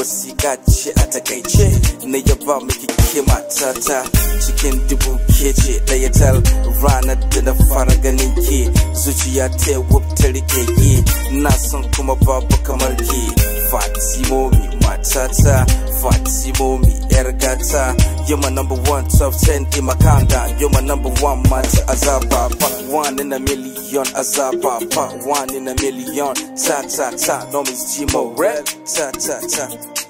wasiƙa ce a takaice na yaba miki ke matata cikin dubu ke ce ɗaya tal ranar da na fara ganin ke zuciya ta yi kuma baba kamar fatimo matata Fatsi momi ergata You're my number one top ten in my kanda You're my number one match azaba Part one in a million azaba Part one in a million Ta ta ta, no miss G-Mo, Ta ta ta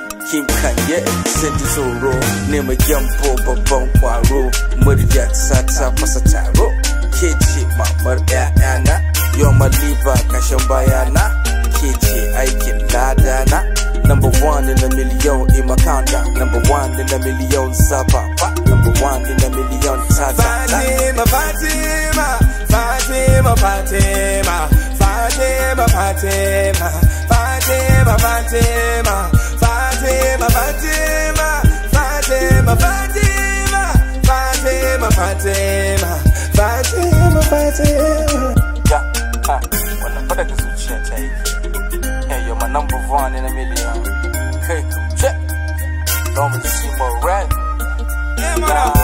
kimkanye sindizoro nemayambo babban kwaro muryata ta fasa taro ke ce mamar 'ya'yana yau maliba kashin bayana ke ce aikin ladana number one in a million in my counter number one in a million saba number one in a million tata Fatima Fatima Fatima Fatima Fatima Fatima Fatima Fatima Fatima Fatima, Fatima, Fatima, Fatima, Fatima, Fatima, Fatima, Fatima. Yeah, ha, wanapata kisuchia cha hiki. Hey, yo, my number one in a million. Hey, check. Don't be super red. Yeah, man. Nah.